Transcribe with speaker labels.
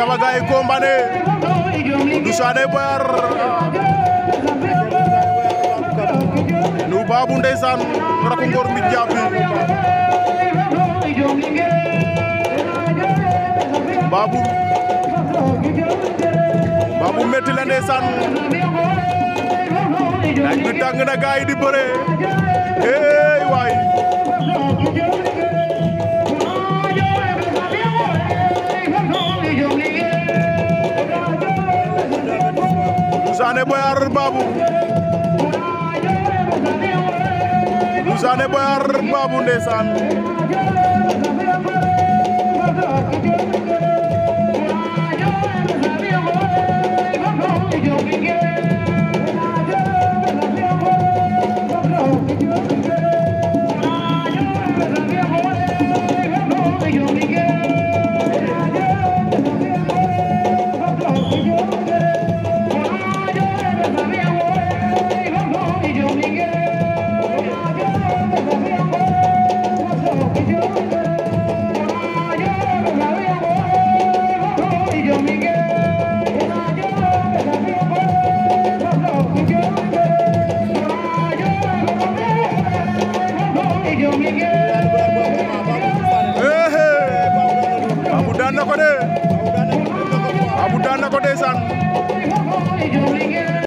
Speaker 1: sama gars yi Kombane Doudou Sané baabu ndeysaan rakk ngor mi jaabi baabu na gars di bëre Sané Boyar Babou bu Sané Boyar Babou ndeysaan Babou daan na ko de Babou daan na ko de saan